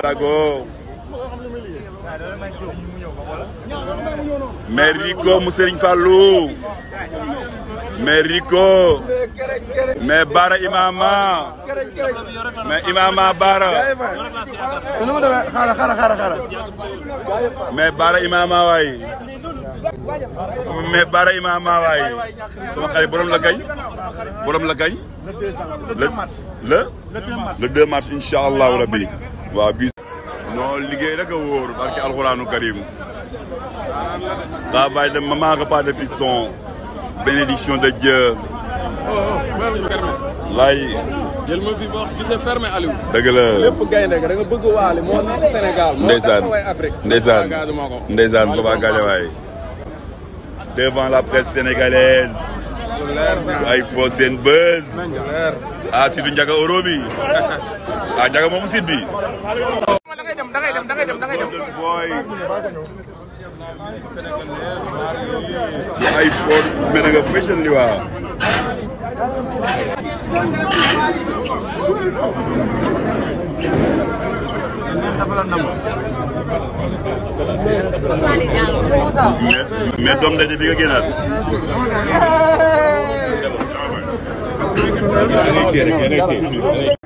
Balago Meriko Rico mu Serigne Fallou imama Rico mais Bara Imama Mebara Imama Bara mais Bara Imama waay mais Bara Imama waay sama Imama borom la gañ borom la Imama le le 2 mars le 2 mars inshallah rabbi waaw non liggéey rek a wóor barke alxuraanu karim travail de maman pas de son bénédiction de Dieu. lay jël ma fi ba wax gisee fermé Aliou. deug la lépp gaynde da nga bëgg waale mo nekk Sénégal. ndeysaan ndeysaan ndeysaan ba Gade waay devant la presse sénégalaise. ay fo seen buzz. ah Sidou Ndiaga euro bi. ah Ndiaga moom Sid bi. dem da ngay dem da ngay dem da ngay dem. ay foot menega fashion liwa mais doom daje fi nga génnaat Hey, hey, hey.